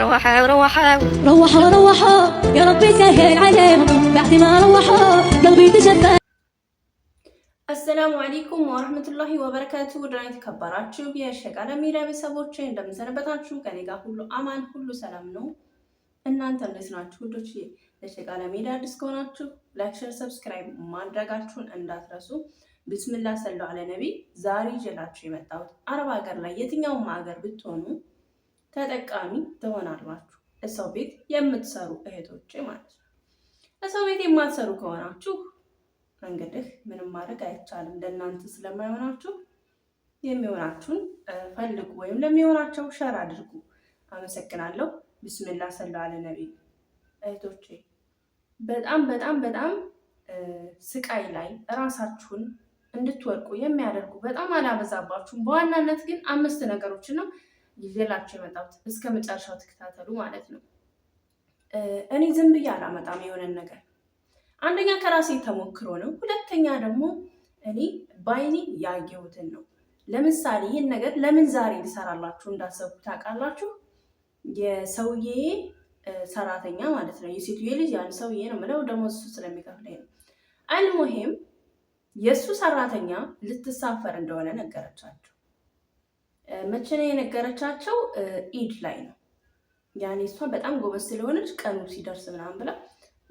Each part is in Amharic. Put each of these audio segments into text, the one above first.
روحوا روحوا روحوا روحوا يا ربي سهل عليهم بعد ما روحوا قلبي تجفى አሰላሙ አሌይኩም ወረህመቱላሂ ወበረካቱ ውድና የተከበራችሁ የሸቃለ ሚዲያ ቤተሰቦች እንደምንሰነበታችሁ፣ ከኔ ጋር ሁሉ አማን ሁሉ ሰላም ነው። እናንተ እንዴት ናችሁ ውዶች? ለሸቃለ ሚዲያ አዲስ ከሆናችሁ ላይክ፣ ሸር፣ ሰብስክራይብ ማድረጋችሁን እንዳትረሱ። ብስምላህ ሰለላሁ ዐለ ነቢ። ዛሬ ይዤላችሁ የመጣሁት አረብ ሀገር ላይ የትኛውም ሀገር ብትሆኑ ተጠቃሚ ትሆናላችሁ። እሰው ቤት የምትሰሩ እህቶች ማለት ነው። እሰው ቤት የማትሰሩ ከሆናችሁ እንግዲህ ምንም ማድረግ አይቻልም። ለእናንተ ስለማይሆናችሁ የሚሆናችሁን ፈልጉ ወይም ለሚሆናቸው ሸር አድርጉ። አመሰግናለሁ። ብስምላ ሰላ አለ ነቢ። እህቶቼ በጣም በጣም በጣም ስቃይ ላይ እራሳችሁን እንድትወድቁ የሚያደርጉ በጣም አላበዛባችሁም። በዋናነት ግን አምስት ነገሮችን ነው ይዤላችሁ የመጣሁት እስከ መጨረሻው ትከታተሉ ማለት ነው። እኔ ዝም ብዬ አላመጣም የሆነን ነገር። አንደኛ ከራሴ ተሞክሮ ነው። ሁለተኛ ደግሞ እኔ ባይኔ ያየሁትን ነው። ለምሳሌ ይህን ነገር ለምን ዛሬ ልሰራላችሁ እንዳሰብኩ ታውቃላችሁ? የሰውዬ ሰራተኛ ማለት ነው የሴትዬ ልጅ ያን ሰውዬ ነው ምለው ደግሞ እሱ ስለሚከፍለኝ ነው። አልሙሄም የእሱ ሰራተኛ ልትሳፈር እንደሆነ ነገረቻቸው። መቼ ነው የነገረቻቸው? ኢድ ላይ ነው። ያኔ እሷ በጣም ጎበዝ ስለሆነች ቀኑ ሲደርስ ምናምን ብላ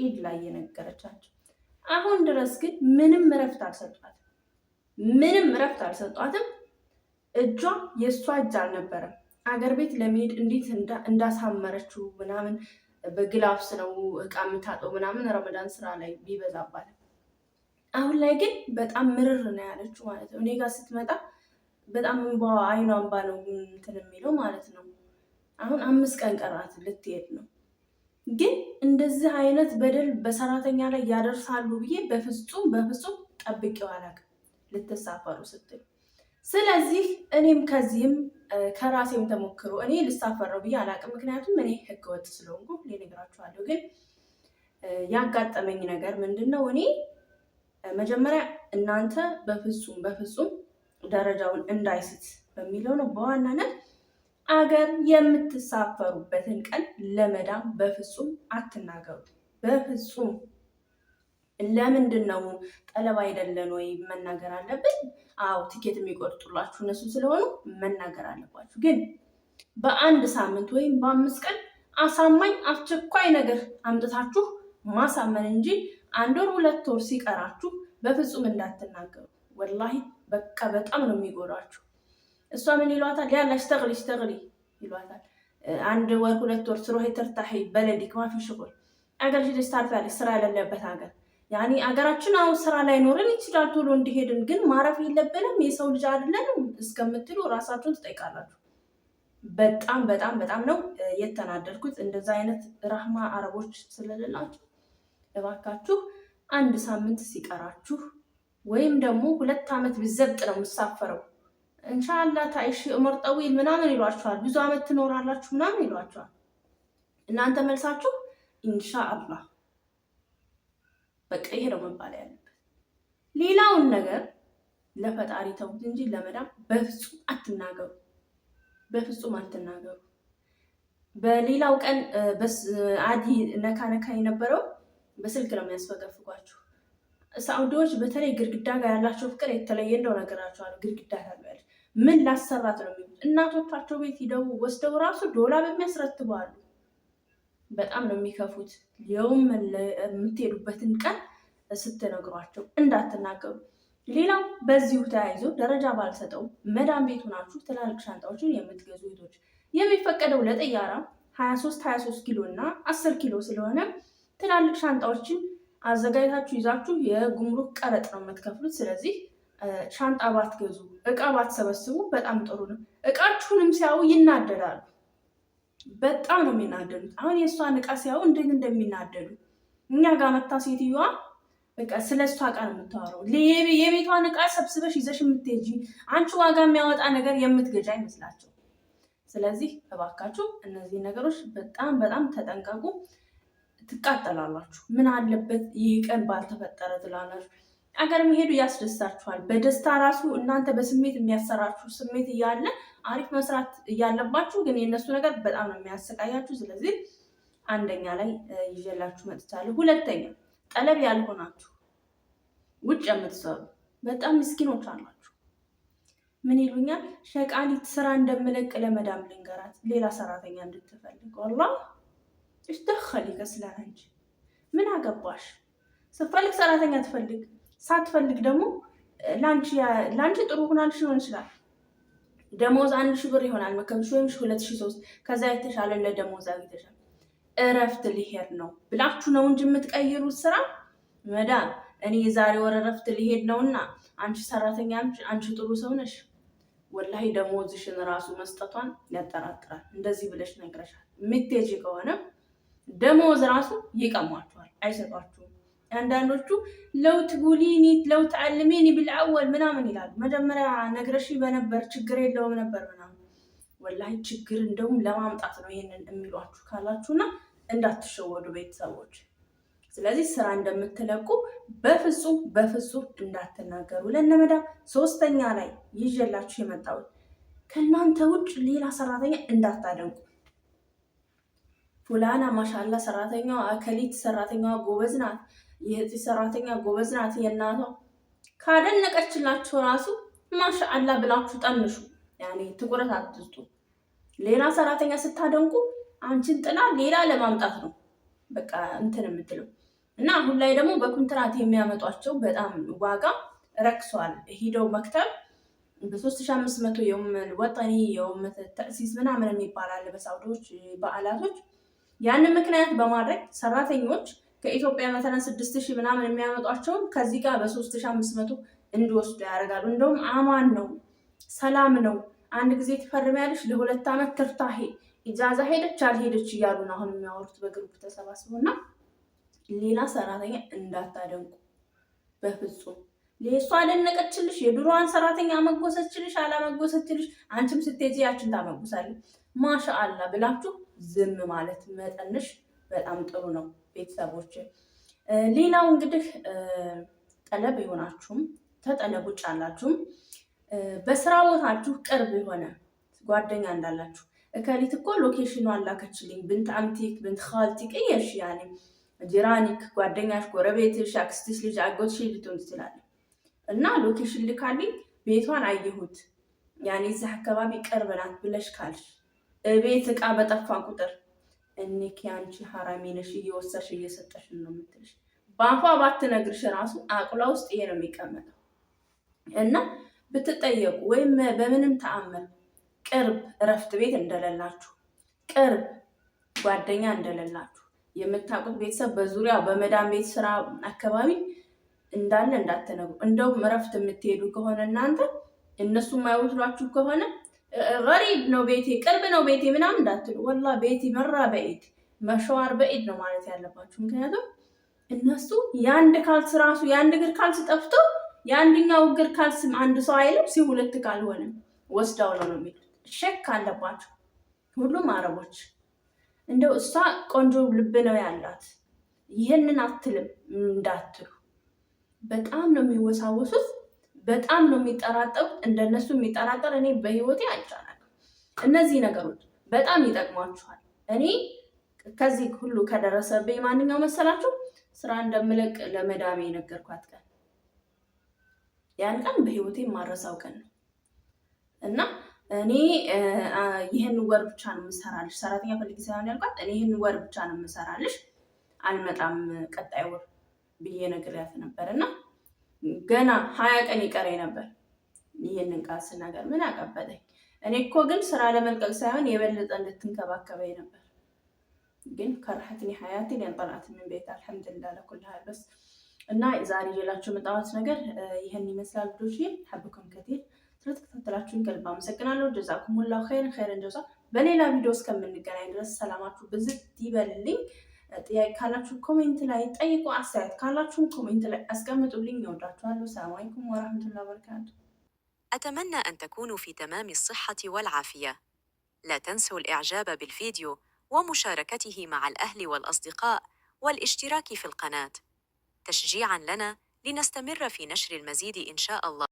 ኢድ ላይ የነገረቻቸው። አሁን ድረስ ግን ምንም እረፍት አልሰጧትም። ምንም እረፍት አልሰጧትም። እጇ የእሷ እጅ አልነበረም። አገር ቤት ለመሄድ እንዴት እንዳሳመረችው ምናምን በግላፍስ ነው እቃ የምታጠው ምናምን ረመዳን ስራ ላይ ቢበዛባል። አሁን ላይ ግን በጣም ምርር ነው ያለችው ማለት ነው። እኔ ጋር ስትመጣ በጣም እንባ አይኗ እንባ ነው እንትን የሚለው ማለት ነው። አሁን አምስት ቀን ቀራት ልትሄድ ነው። ግን እንደዚህ አይነት በደል በሰራተኛ ላይ ያደርሳሉ ብዬ በፍጹም በፍጹም ጠብቄው አላውቅም ልትሳፈሩ ስትል። ስለዚህ እኔም ከዚህም ከራሴም ተሞክሮ እኔ ልሳፈር ነው ብዬ አላውቅም። ምክንያቱም እኔ ህገወጥ ስለሆንኩ ልነግራችኋለሁ። ግን ያጋጠመኝ ነገር ምንድን ነው? እኔ መጀመሪያ እናንተ በፍጹም በፍጹም ደረጃውን እንዳይስት በሚለው ነው በዋናነት አገር የምትሳፈሩበትን ቀን ለመዳም በፍጹም አትናገሩት። በፍጹም ለምንድን ነው ጠለብ አይደለን ወይ? መናገር አለብን። አዎ ትኬት የሚቆርጡላችሁ እነሱ ስለሆኑ መናገር አለባችሁ። ግን በአንድ ሳምንት ወይም በአምስት ቀን አሳማኝ አስቸኳይ ነገር አምጥታችሁ ማሳመን እንጂ አንድ ወር ሁለት ወር ሲቀራችሁ በፍጹም እንዳትናገሩ ወላሂ በቃ በጣም ነው የሚጎዳችሁ። እሷ ምን ይሏታል? ያላሽ ተቅሊ ተቅሊ ይሏታል። አንድ ወር ሁለት ወር ስሮ ተርታሒ በለዲክ ማፊ ሽቁል አገር ደስ ታልፋለች። ስራ የሌለበት ሀገር ያኔ አገራችን አሁን ስራ ላይኖረን ይችላል። ቶሎ እንዲሄድን ግን ማረፍ የለብንም የሰው ልጅ አይደለንም እስከምትሉ ራሳችሁን ትጠይቃላችሁ። በጣም በጣም በጣም ነው የተናደድኩት። እንደዛ አይነት ራህማ አረቦች ስለሌላችሁ እባካችሁ አንድ ሳምንት ሲቀራችሁ ወይም ደግሞ ሁለት ዓመት ብዘብጥ ነው የምሳፈረው። እንሻላ ታይሺ እምር ጠዊል ምናምን ይሏቸዋል። ብዙ ዓመት ትኖራላችሁ ምናምን ይሏቸዋል። እናንተ መልሳችሁ እንሻአላ በቃ ይሄ ነው መባል ያለበት። ሌላውን ነገር ለፈጣሪ ተውት እንጂ ለመዳም በፍጹም አትናገሩ፣ በፍጹም አትናገሩ። በሌላው ቀን አዲ ነካ ነካ የነበረው በስልክ ነው የሚያስፈገፍጓችሁ። ሳዑዲዎች በተለይ ግድግዳ ጋር ያላቸው ፍቅር የተለየ እንደው ነገራቸዋል። ግድግዳ ታልበል ምን ላሰራት ነው የሚሉት። እናቶቻቸው ቤት ሂደው ወስደው ራሱ ዶላር የሚያስረትበዋሉ። በጣም ነው የሚከፉት። ሊውም የምትሄዱበትን ቀን ስትነግሯቸው እንዳትናገሩ። ሌላው በዚሁ ተያይዞ ደረጃ ባልሰጠው መዳም ቤቱ ናችሁ ትላልቅ ሻንጣዎችን የምትገዙ ቤቶች የሚፈቀደው ለጠያራ 23 23 ኪሎ እና 10 ኪሎ ስለሆነ ትላልቅ ሻንጣዎችን አዘጋጅታችሁ ይዛችሁ የጉምሩክ ቀረጥ ነው የምትከፍሉት። ስለዚህ ሻንጣ ባትገዙ፣ እቃ ባትሰበስቡ በጣም ጥሩ ነው። እቃችሁንም ሲያዩ ይናደዳሉ። በጣም ነው የሚናደዱት። አሁን የእሷን እቃ ሲያዩ እንዴት እንደሚናደዱ እኛ ጋር መታ ሴትዮዋ በቃ ስለ እሷ እቃ ነው የምታወራው። የቤቷን እቃ ሰብስበሽ ይዘሽ የምትሄጂ አንቺ ዋጋ የሚያወጣ ነገር የምትገዣ ይመስላቸው። ስለዚህ እባካችሁ እነዚህ ነገሮች በጣም በጣም ተጠንቀቁ። ትቃጠላላችሁ። ምን አለበት ይህ ቀን ባልተፈጠረ ትላላችሁ። አገር መሄዱ ያስደስታችኋል። በደስታ ራሱ እናንተ በስሜት የሚያሰራችሁ ስሜት እያለ አሪፍ መስራት እያለባችሁ ግን የእነሱ ነገር በጣም ነው የሚያሰቃያችሁ። ስለዚህ አንደኛ ላይ ይዤላችሁ መጥቻለሁ። ሁለተኛ ጠለብ ያልሆናችሁ ውጭ የምትሰሩ በጣም ምስኪኖች አላችሁ። ምን ይሉኛል ሸቃሊት ስራ እንደምለቅ ለመዳም ልንገራት ሌላ ሰራተኛ እንድትፈልግ ወላ እሽ ደኸል ይከስለ አንቺ ምን አገባሽ? ስትፈልግ ሰራተኛ ትፈልግ፣ ሳትፈልግ ደግሞ ለአንቺ ጥሩ ሆናልሽ ሊሆን ይችላል። ደሞዝ አንድ ሺህ ብር ይሆናል መከምሽ ወይም ሁለት ሺህ ሶስት ከዛ የተሻለ ለደሞዝ አግኝተሻል። እረፍት ሊሄድ ነው ብላችሁ ነው እንጂ የምትቀይሩት ስራ መዳም እኔ የዛሬ ወር እረፍት ሊሄድ ነውና አንቺ ሰራተኛ አንቺ ጥሩ ሰው ነሽ። ወላሂ ደሞዝሽን ራሱ መስጠቷን ያጠራጥራል። እንደዚህ ብለሽ ነግረሻል። የምትሄጂ ከሆነ ደሞዝ ራሱ ይቀሟቸዋል፣ አይሰጧችሁም። አንዳንዶቹ ለውት ጉሊኒ ለው አልሚኒ ብልአወል ምናምን ይላሉ። መጀመሪያ ነግረሺ በነበር ችግር የለውም ነበር ምናምን። ወላሂ ችግር እንደውም ለማምጣት ነው ይህንን የሚሏችሁ ካላችሁና እንዳትሸወዱ ቤተሰቦች። ስለዚህ ስራ እንደምትለቁ በፍጹም በፍጹም እንዳትናገሩ። ለነመዳ ሶስተኛ ላይ ይዤላችሁ የመጣሁት ከእናንተ ውጭ ሌላ ሰራተኛ እንዳታደንቁ። ፉላና ማሻላ ሰራተኛዋ አከሊት ሰራተኛዋ ጎበዝ ናት፣ የእህትሽ ሰራተኛ ጎበዝ ናት፣ የእናቷ ካደነቀችላችሁ ራሱ ማሻአላ ብላችሁ ጠንሹ። ያኔ ትኩረት አትስጡ። ሌላ ሰራተኛ ስታደንቁ አንቺን ጥላ ሌላ ለማምጣት ነው በቃ እንትን የምትለው እና አሁን ላይ ደግሞ በኮንትራት የሚያመጧቸው በጣም ዋጋ ረክሷል። ሂደው መክተብ በ3500 አምስት ወጠኒ የውመት ተእሲስ ምናምን የሚባላል አለ በሳውዲዎች በዓላቶች ያንን ምክንያት በማድረግ ሰራተኞች ከኢትዮጵያ መተና ስድስት ሺህ ምናምን የሚያመጧቸውን ከዚህ ጋር በሶስት ሺህ አምስት መቶ እንዲወስዱ ያደርጋሉ። እንደውም አማን ነው ሰላም ነው አንድ ጊዜ ትፈርሚያለሽ ለሁለት ዓመት ትርታሄ ኢጃዛ ሄደች አልሄደች እያሉ ነው አሁን የሚያወሩት በግሩፕ ተሰባስቡ እና ሌላ ሰራተኛ እንዳታደንቁ በፍጹም። ሌሱ አደነቀችልሽ፣ የድሮዋን ሰራተኛ አመጎሰችልሽ፣ አላመጎሰችልሽ፣ አንቺም ስትሄጂ ያችን ታመጉሳለች ማሻአላ ብላችሁ ዝም ማለት መጠንሽ በጣም ጥሩ ነው ቤተሰቦች። ሌላው እንግዲህ ጠለብ የሆናችሁም ተጠለብ ውጭ አላችሁም በስራ ቦታችሁ ቅርብ የሆነ ጓደኛ እንዳላችሁ እከሊት እኮ ሎኬሽኑ አላከችልኝ ብንት አምቲክ ብንት ካልቲክ ቅየሽ ያኔ ጅራኒክ ጓደኛሽ፣ ጎረቤትሽ፣ አክስትሽ ልጅ አጎትሽ ልትሆን ትችላለች እና ሎኬሽን ልካልኝ ቤቷን አየሁት ያኔ እዚህ አካባቢ ቅርብ ናት ብለሽ ካልሽ ቤት እቃ በጠፋ ቁጥር እኔ አንቺ ሐራሚ ነሽ እየወሰሽ እየሰጠሽ ነው የምትልሽ። በአፏ ባትነግርሽ ራሱ አቅሏ ውስጥ ይሄ ነው የሚቀመጠው እና ብትጠየቁ ወይም በምንም ተአምር ቅርብ እረፍት ቤት እንደሌላችሁ ቅርብ ጓደኛ እንደሌላችሁ የምታውቁት ቤተሰብ በዙሪያ በመዳም ቤት ስራ አካባቢ እንዳለ እንዳትነግሩ። እንደውም እረፍት የምትሄዱ ከሆነ እናንተ እነሱ የማይወስዷችሁ ከሆነ ገሪብ ነው ቤቴ ቅርብ ነው ቤቴ ምናምን እንዳትሉ። ወላ ቤቴ መራ በኢድ መሸዋር በኢድ ነው ማለት ያለባችሁ። ምክንያቱም እነሱ የአንድ ካልስ ራሱ የአንድ እግር ካልስ ጠፍቶ የአንድኛው እግር ካልስ አንድ ሰው አይልም ሲ ሁለት ካልሆንም ወስዳው ነው ነው የሚሉት። ሸክ አለባችሁ ሁሉም አረቦች። እንደው እሷ ቆንጆ ልብ ነው ያላት ይህንን አትልም እንዳትሉ። በጣም ነው የሚወሳወሱት። በጣም ነው የሚጠራጠሩት። እንደነሱ የሚጠራጠር እኔ በህይወቴ አይቻላል። እነዚህ ነገሮች በጣም ይጠቅሟችኋል። እኔ ከዚህ ሁሉ ከደረሰብኝ ማንኛው መሰላችሁ ስራ እንደምለቅ ለመዳሜ የነገርኳት ቀን ያን ቀን በህይወቴ ማረሳው ቀን ነው እና እኔ ይህን ወር ብቻ ነው የምሰራልሽ፣ ሰራተኛ ፈልጊ ሳይሆን ያልኳት እኔ ይህን ወር ብቻ ነው የምሰራልሽ፣ አልመጣም ቀጣይ ወር ብዬ ነግሬያት ነበር እና ገና ሀያ ቀን ይቀረኝ ነበር። ይህንን ቃል ስናገር ምን አቀበለኝ? እኔ እኮ ግን ስራ ለመልቀቅ ሳይሆን የበለጠ እንድትንከባከበኝ ነበር። ግን ከርሐትኒ ሀያቲን ያንጠላት ምን ቤት አልሐምዱሊላህ ለኩል በስ እና ዛሬ ሌላቸው መጣዋት ነገር ይህን ይመስላል። ልጆች ሀብኩም ከቲር ስለተከታተላችሁን ከልብ አመሰግናለሁ። ጀዛኩሙላሁ ኸይረን ኸይረን ጀዛ። በሌላ ቪዲዮ እስከምንገናኝ ድረስ ሰላማችሁ ብዝት ይበልልኝ። ጥያቄ ካላችሁ ኮሜንት ላይ ጠይቁ። አስተያየት ካላችሁም ኮሜንት ላይ አስቀምጡልኝ። እወዳችኋለሁ። ሰላም አለይኩም ወረህመቱላሂ ወበረካቱ። أتمنى أن تكونوا في تمام الصحة والعافية. لا تنسوا الإعجاب بالفيديو ومشاركته مع الأهل والأصدقاء والاشتراك في القناة تشجيعا لنا لنستمر في نشر المزيد إن شاء الله